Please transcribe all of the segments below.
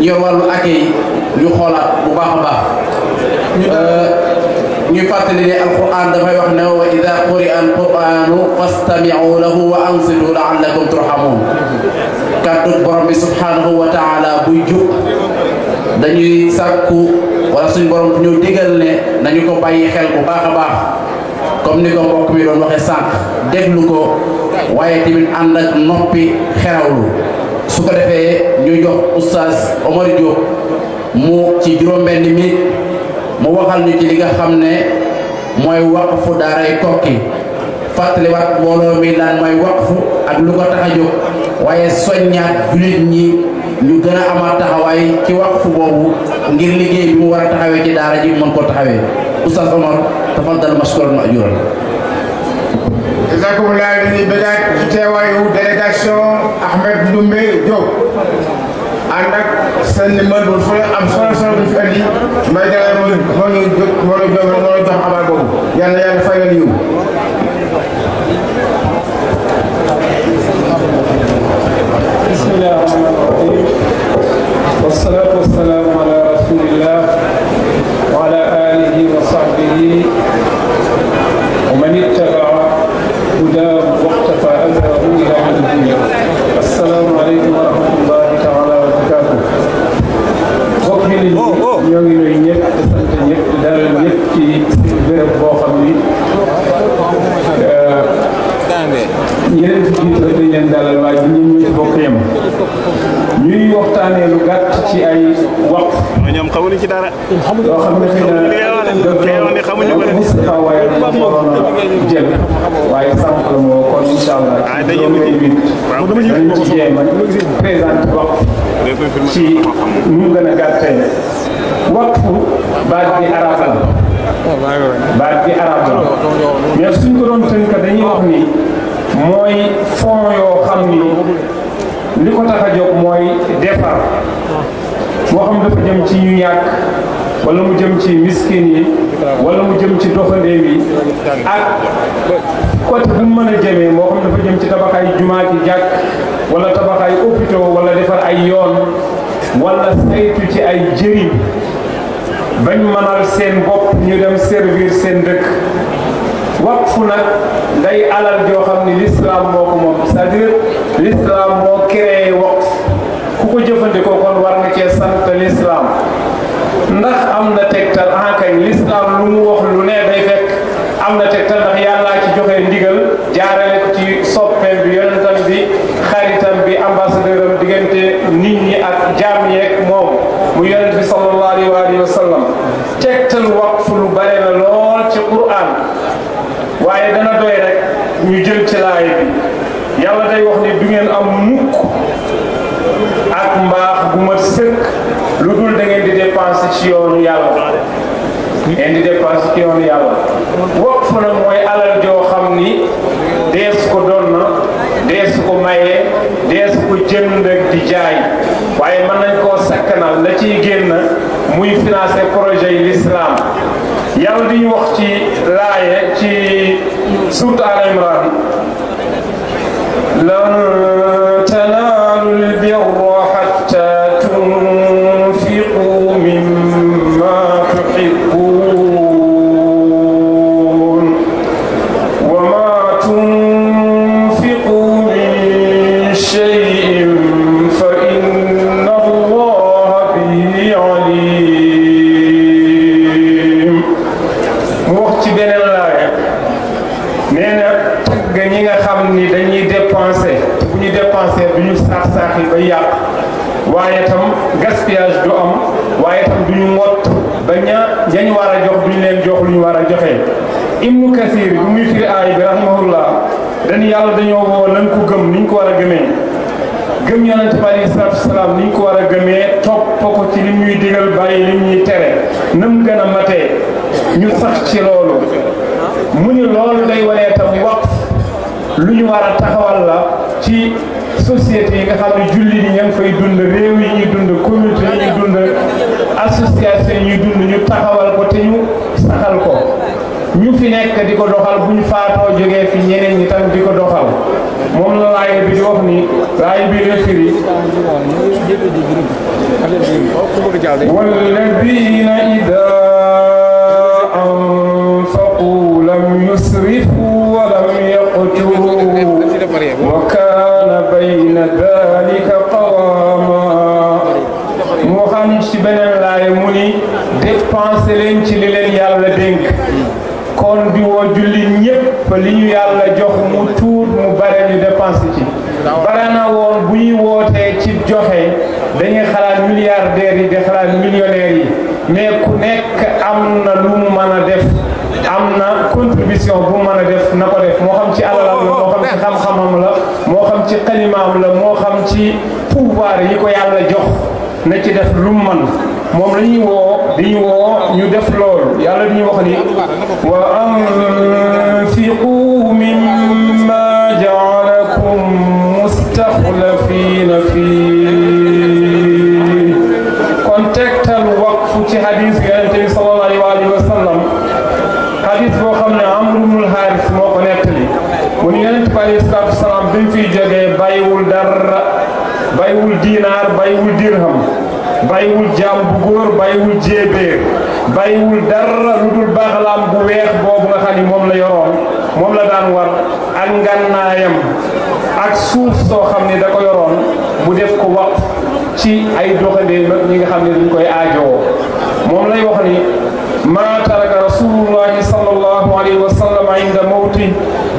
yor wàllu accueil ñu xoolaat bu baax a baax ñu fàttali ne alquran dafay wax ne wa ida quri'a alquranu fastami'u lahu wa ansitu la'allakum turhamun kàddu borom bi subhanahu wa taala buy jub dañuy sàkku wala suñ borom ñu digal ne nañu ko bàyyi xel bu baax a baax comme ni ko mbokk mi doon waxe sànq déglu ko waaye tamit ànd ak noppi xerawlu su ko defee ñu jox oustaz Omar Diop mu ci juróom-benn mi mu waxal ñu ci li nga xam ne mooy waqfu daaray kokki fàttaliwaat mbooloo mi lan mooy waqfu ak lu ko tax jóg waaye soññaat jullit ñi ñu gën a amaat taxawaay ci waqfu boobu ngir liggéey bi mu war a taxawee ci daara ji mën koo taxawee oustaz Omar tafaddal mashkuran ma'juran jazakumullah bi bëggaat ci teewaayu délégation Ahmed Ndoumbe Diop ànd ak seen numéro bu fa am solo solo bu fi andi may jëlaat moo moo ñu moo ñu jox moo ñu jox xabaar boobu yàlla yàlla fay leen yiw bismillah jël waaye sànq moo kon incha ci loolu lay wit dañ a présente wax ci mu gën a gàttee baat bi arab la suñ ko doon tënk dañuy wax ni mooy fond yoo xam ni li ko tax a mooy defar moo dafa jëm ci ñu ñàkk wala mu jëm ci miskin yi wala mu jëm ci doxandéem yi ak côté bu mu mën a jëmee moo xam dafa jëm ci tabaxaay jumaa ci jàkk wala tabaxaay hôpitaux wala defar ay yoon wala saytu ci ay jëriñ bañ mënal seen bopp ñu dem servir seen dëkk waqfu nag day alal joo xam ni l'islam moo ko moom c'est-à-dire l'islam moo rek lislaam lu mu wax lu ne day fekk am na tegtal ndax yàllaa ci joxe ndigal jaarale ko ci soppeem bi yonentam bi xaritam bi ambassadeur am diggante nit ñi ak jaam yeeg moom mu yonent bi sallallahu alayhi wa sallam tegtal waqf lu bare la lool ci Qur'an waaye dana doy rek ñu jël ci laay bi yàlla day wax ne du ngeen am mukk ak mbaax bu ma sëkk lu dul da ngeen di dépenser ci yoonu yàlla ngeen di dépense ci yoonu yàlla waqf nag mooy alal joo xam ni dees ko doon na dees ko mayee dees ko jënd ak di jaay waaye mën nañ koo sakkanal la ciy génn muy financer projet yi l'islam yàlla di ñu wax ci laaye ci surat Al Imran lan joxe ibnu kasir bu muy firi aay bi rahimahullah dañu yàlla dañoo woo nañ ko gëm niñ ko war a gëmee gëm niñ ko war a gëmee topp ko ci li ñuy digal bàyyi li ñuy tere nam gën a matee ñu sax ci loolu mu ni loolu day wanee tam waqf lu ñu war a taxawal la ci société yi nga xam ne julli yi ña ngi fay dund réew yi ñuy dund communauté yi ñuy dund association yi dund ñu taxawal ko te ñu saxal ko ñu fi nekk di ko doxal bu ñu faatoo jógee fi ñeneen ñi tam di ko doxal moom la laay bi di wax ni laay bi la firi والذين إذا xanaa woon bu ñuy wootee ci joxe dañuy xalaat milliardaires yi di xalaat millionnaires yi mais ku nekk am na lu mu mën a def am na contribution bu mu mën a def na ko def moo xam ci alalam la moo xam ci xam-xamam la moo xam ci xalimaam la moo xam ci pouvoir yi ko yàlla jox na ci def lu mu mën moom la ñuy woo di ñu woo ñu def loolu yàlla di wax ni wa anfiqu mimma مستخلفين فيه kon tegtal waqfu ci xadis yonente bi sallallahu alayhi wa sallam xadis boo xam ne Amr ibnul Haaris moo ko nettali mu ne yonente bi alayhi salaatu wasalaam bi mu fiy jógee bàyyiwul dara bàyyiwul diinaar bàyyiwul dirham bàyyiwul jaam bu góor bàyyiwul jéebéer bàyyiwul dara lu dul baaxalaam bu weex boobu nga xam ni moom la yoroon moom la daan war ak ngannaayam ak suuf soo xam ne da ko yoroon bu def ko waqf ci ay doxandéem ak ñi nga xam ne dañ koy aajowoo moom lay wax ni ma taraka rasulullahi sallallahu alayhi wa sallam inda mawti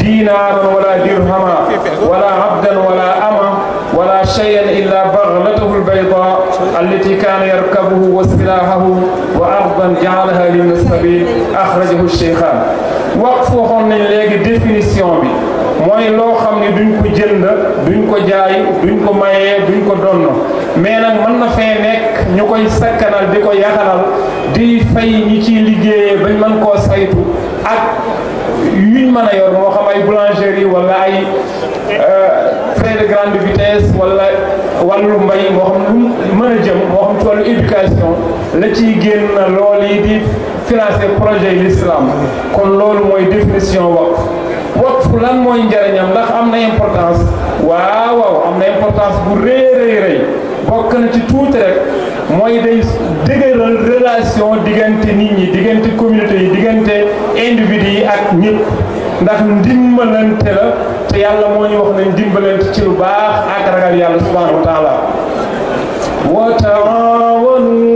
dinaran wala dirhama wala abdan wala ama wala shay'an illa baghlatahu albayda allati kana yarkabuhu wa التي wa ardan jaalaha وأرضا جعلها للمستبيل أخرجه الشيخان وقفه من ليك دفن mooy loo xam ne duñ ko jënd duñ ko jaay duñ ko mayee duñ ko donn mais nag mën na fee nekk ñu koy sakkanal di ko yaxanal di fay ñi ci liggéeyee bañ mën koo saytu ak yuñ mën a yor moo xam ay boulangerie wala ay euh, frais de grande vitesse wala wàllu mbay moo xam lu mën a jëm moo xam ci wàllu éducation la ciy génn lool yi di financer projet l'islam kon loolu mooy définition waqf waqf lan mooy njariñam ndax am na importance waaw waaw am na importance bu rëy rëy rëy bokk na ci tuuti rek mooy day dëgëral relation diggante nit ñi diggante communauté yi diggante individu yi ak ñëpp ndax ndimbalante la te yàlla moo ñu wax nañ ndimbalante ci lu baax ak ragal yàlla subhanahu wa taala wa taawanu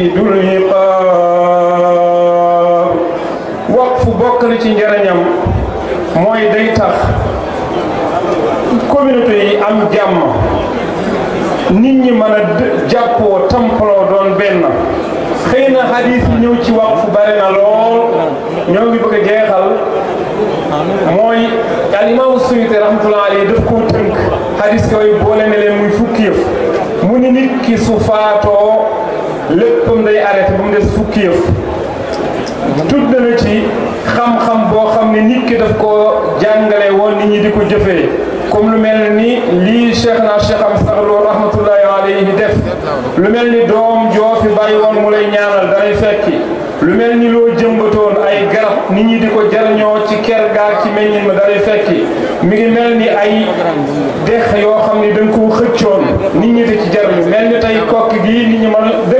شديد العقاب وقف bokk na ci njëriñam mooy day tax communauté yi am jàmm nit ñi mën a jàppoo tampaloo doon benn xëy na xadiis yi ñëw ci waqf bare na lool ñoo ngi bëgg a jeexal mooy al imaamu Suyuti daf koo tënk xadiis yooyu boole ne leen muy fukki yëf mu nit ki su faatoo léppam day arrêté ba mu des fukki yëf tudd na la ci xam-xam boo xam ne nit ki daf koo jàngale woon nit ñi di ko jëfee comme lu mel ni lii cheikh na cheikh am saxloo rahmatullahi alayhi def lu mel ni doom joo fi bàyyi woon mu lay ñaanal dalay fekki lu mel ni loo jëmbatoon ay garab nit ñi di ko jariñoo ci ker gaar ci meññin ma dalay fekki mi ngi mel ni ay dex yoo xam ne dañ koo xëccoon nit ñi di ci jariñu mel ni tey kokk gi nit ñi mën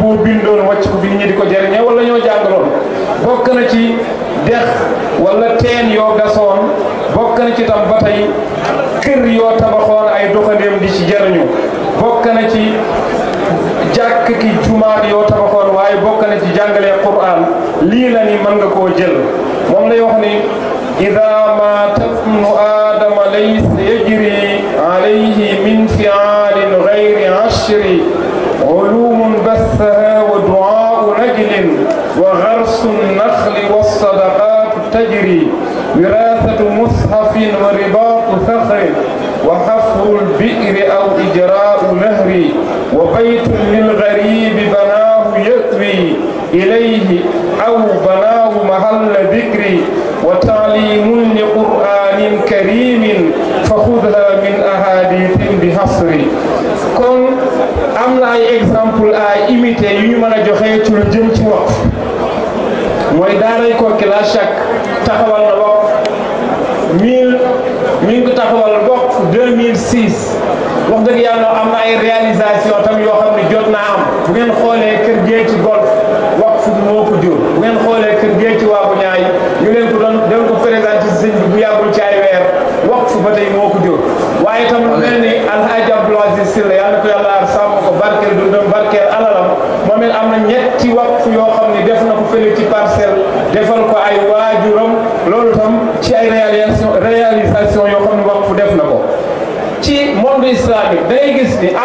itam ba tey kër yoo tabaxoon ay doxandeem di ci jariñu bokk na ci jàkk ki jumaat yoo tabaxoon waaye bokk na ci jàngalee Qur'an lii la ni mën nga koo jël moom lay wax ni ida maata ibnu aadama laysa yajri alayhi min fiaalin gayri ashri ulumun bassaha wa duaau najlin wa garsu naxli wa sadaqaatu tajri ورباط صخر وحفر البئر أو إجراء نهر وبيت للغريب بناه يكوي إليه أو بناه محل ذكر وتعليم لقرآن كريم فخذها من أحاديث بحصر كون ام لا اكزامبل اي ايميتي imiter مانا جوخي mën a joxe ci lu jëm ci wolof mooy daaray Koki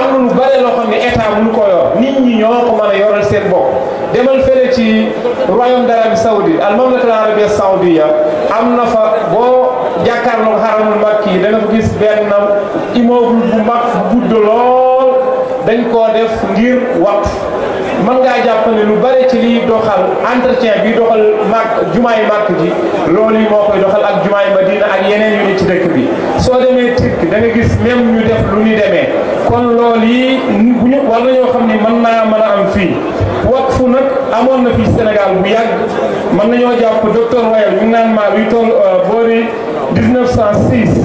am na lu bare loo xam ne état ko yor nit ñi ñoo ko mën a yoral seen bopp demal fële ci royaume d'Arabie saoudite al mamlakatul arabia saoudia am na fa boo jàkkaarloo xaramul makki yi da fa gis benn immeuble bu mag bu gudd lool dañ koo def ngir waqf man ngaa jàpp ne lu bare ci liy doxal entretien bi doxal màkk jumaay màkk bi lool yi moo koy doxal ak jumaay Madina ak yeneen yu ne ci dëkk bi soo demee Turquie da nga gis même ñu def lu ñu demee kon lool yi bu ñu war nañoo xam ni mën naa mën a am fii fu nag amoon na fii Sénégal bu yàgg mën nañoo jàpp docteur Wayal ñu ngi naan maa luy toll euh, boori 1906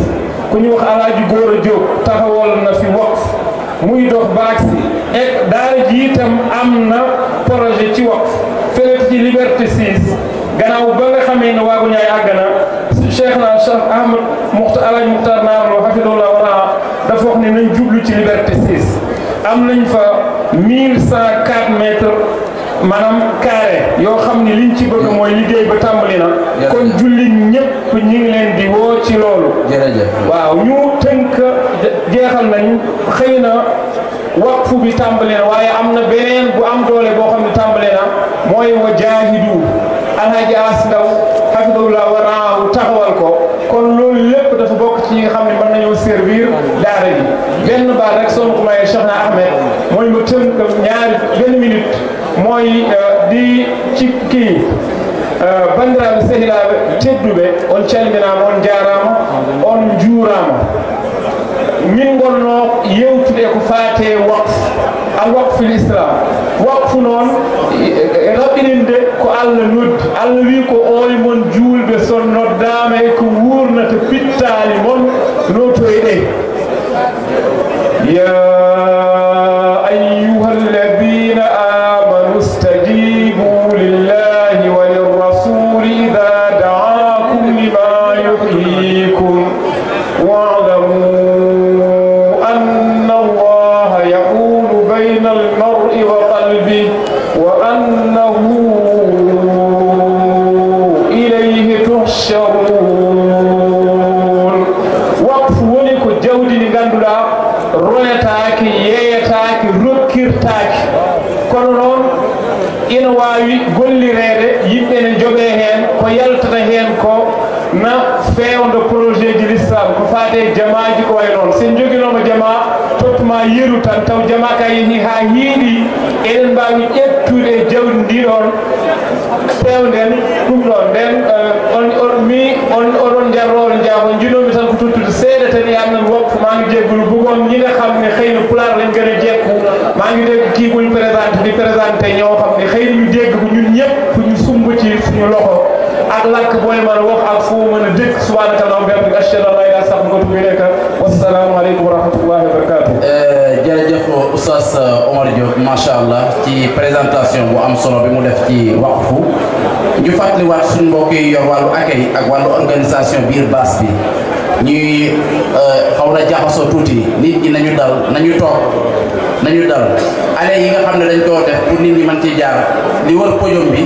ku ñu wax Alaaji a Diop taxawal na fi waqf muy dox baag et daara ji itam am na projet ci waqf fële ci liberté 6 gannaaw ba nga xamee ne waagu ñaay àgg na cheikh na cheikh ahmad muxtar alaj muxtar naarlo hafidullah wala dafa wax ne nañ jublu ci liberté 6 am nañ fa 1104 mètres maanaam carré yoo xam ni liñ ci bëgg mooy liggéey ba tàmbali na kon jullit ñëpp ñi ngi woo ci loolu waaw ñu tënk jeexal nañ xëy na waqfu bi tàmbale waaye am na beneen bu am doole boo xam ne tàmbale mooy wa jaahidu alhaji as ndaw hafidullah wa raahu taxawal ko kon loolu lépp dafa bokk ci ñi nga xam ne mën nañoo servir daara rek soo ma ko mayee Cheikhna Ahmed mooy mu tënk ñaari benn minute mooy euh, di ci kii euh, bandiraɓe sehilaɓe tedduɓe on calminama on jarama on juurama min gonno yewtude ko faate waqf a waqfu l' islam waqfu noon e, e, e, raɓininde ko allah noddi allah wi ko ooy mon juulɓe sonno daamay ko wuurnata pittaali mon notoyɗe yeah. holletaaki yeeyataaki attack, kono noon ina waawi gollireede yipe ne jobe hen ko yaltata hen ko na feewndo projet di l'islam ko faate jamaaji ko way noon sen joginooma jama tottuma yeru tan taw jama ka yehi ha hiiɗi eɗen mbaawi ƴettude e jawdi ndii ɗoon fewnden ɗum ɗon nden on on mi on oɗon jarroo jaafo jino seede te ni na mbokk maa ngi jégalu bëggoon ñi nga xam ne xëy na pulaar lañ gën a jekku maa ngi dégg kii buñ présenté di présenté ñoo xam ne xëy na ñu dégg bu ñun ñëpp ñu sumb suñu loxo ak làkk booy mën a ak foo mën a dégg wa bihamdihi ashhadu an laa ilaaha illa anta eh, allah ci présentation bu am solo bi mu def ci waqfu ñu fàttaliwaat suñu mbokk yi yor wàllu accueil ak wàllu organisation biir base bi ñuy euh, xaw na jaxasoo tuuti nit ñi nañu dal nañu toog nañu dal allées yi nga xam ne dañ koo def pour nit ñi mën ci jaar li wër podium bi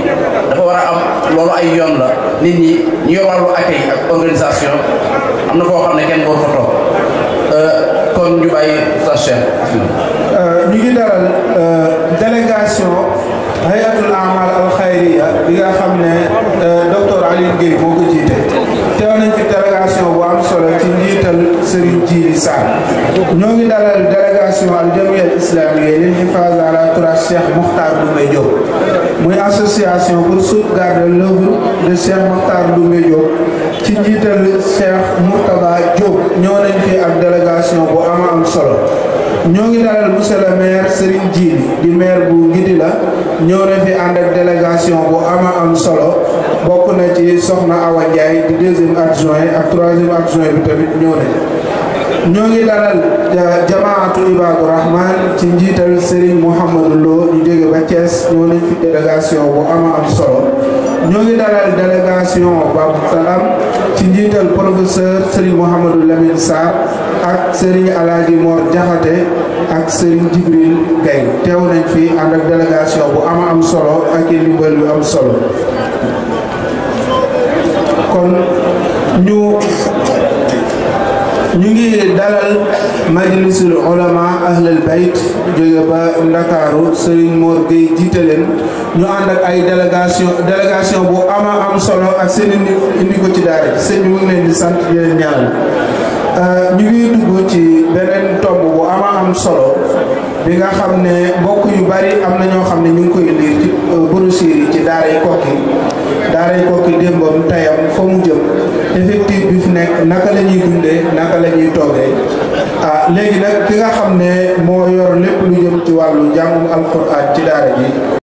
dafa war a am loolu ay yoon la nit ñi ñu yor wàllu accueil ak am na foo xam ne kenn boo fa toog euh, kon ñu bàyyi sa euh, ngi dalal délégation hayatul amal al xayriya association pour sauvegarder l'œuvre de Cheikh Makhtar Doumbé ci njiital Cheikh Mourtada Diop ñoo nañ fi ak délégation bu ama am solo ñoo ngi dalal monsieur le maire Serigne Djili di maire bu Ngidila ñoo na fi ànd ak délégation bu ama am solo bokk na ci Soxna Awa Ndiaye di deuxième adjoint ak troisième adjoint bi tamit ñoo nañ ñoo ngi dalal euh, jamaatu Ibadu Rahman ci njiital Serigne Mouhamadou Lo ñu jóge ba Thiès ñoo nañ fi délégation bu ama am solo ñoo ngi dalal délégation Babou Salam ci njiital professeur Serigne Mouhamadou Lamine Sarr ak Serigne Alaaji Mor Jaxate ak Serigne Jibril Gaye teew nañ fi ànd ak délégation bu ama am solo ak i ndimbal yu am solo kon ñu ñu ngi dalal majlisul ulama ahlul bayt jóge ba ndakaaru Serigne Mor Gueye jiite leen ñu ànd ak ay délégation délégation bu ama am solo ak seen indi indi ko ci daara seen sëñ bi mu ngi leen di sant di leen euh, ñu ngi dugg ci beneen tomb bu ama am solo bi nga xam ne mbokk yu bari am na ñoo xam ne ñu ngi koy liir ci euh, brochure yi ci daara kokki daara kokki démbam tayam fa mu jëm effectif bi fi nekk naka la ñuy dundee naka la ñuy toogee ah léegi nag ki nga xam ne moo yor lépp lu jëm ci wàllu njàngum alquran ci daara ji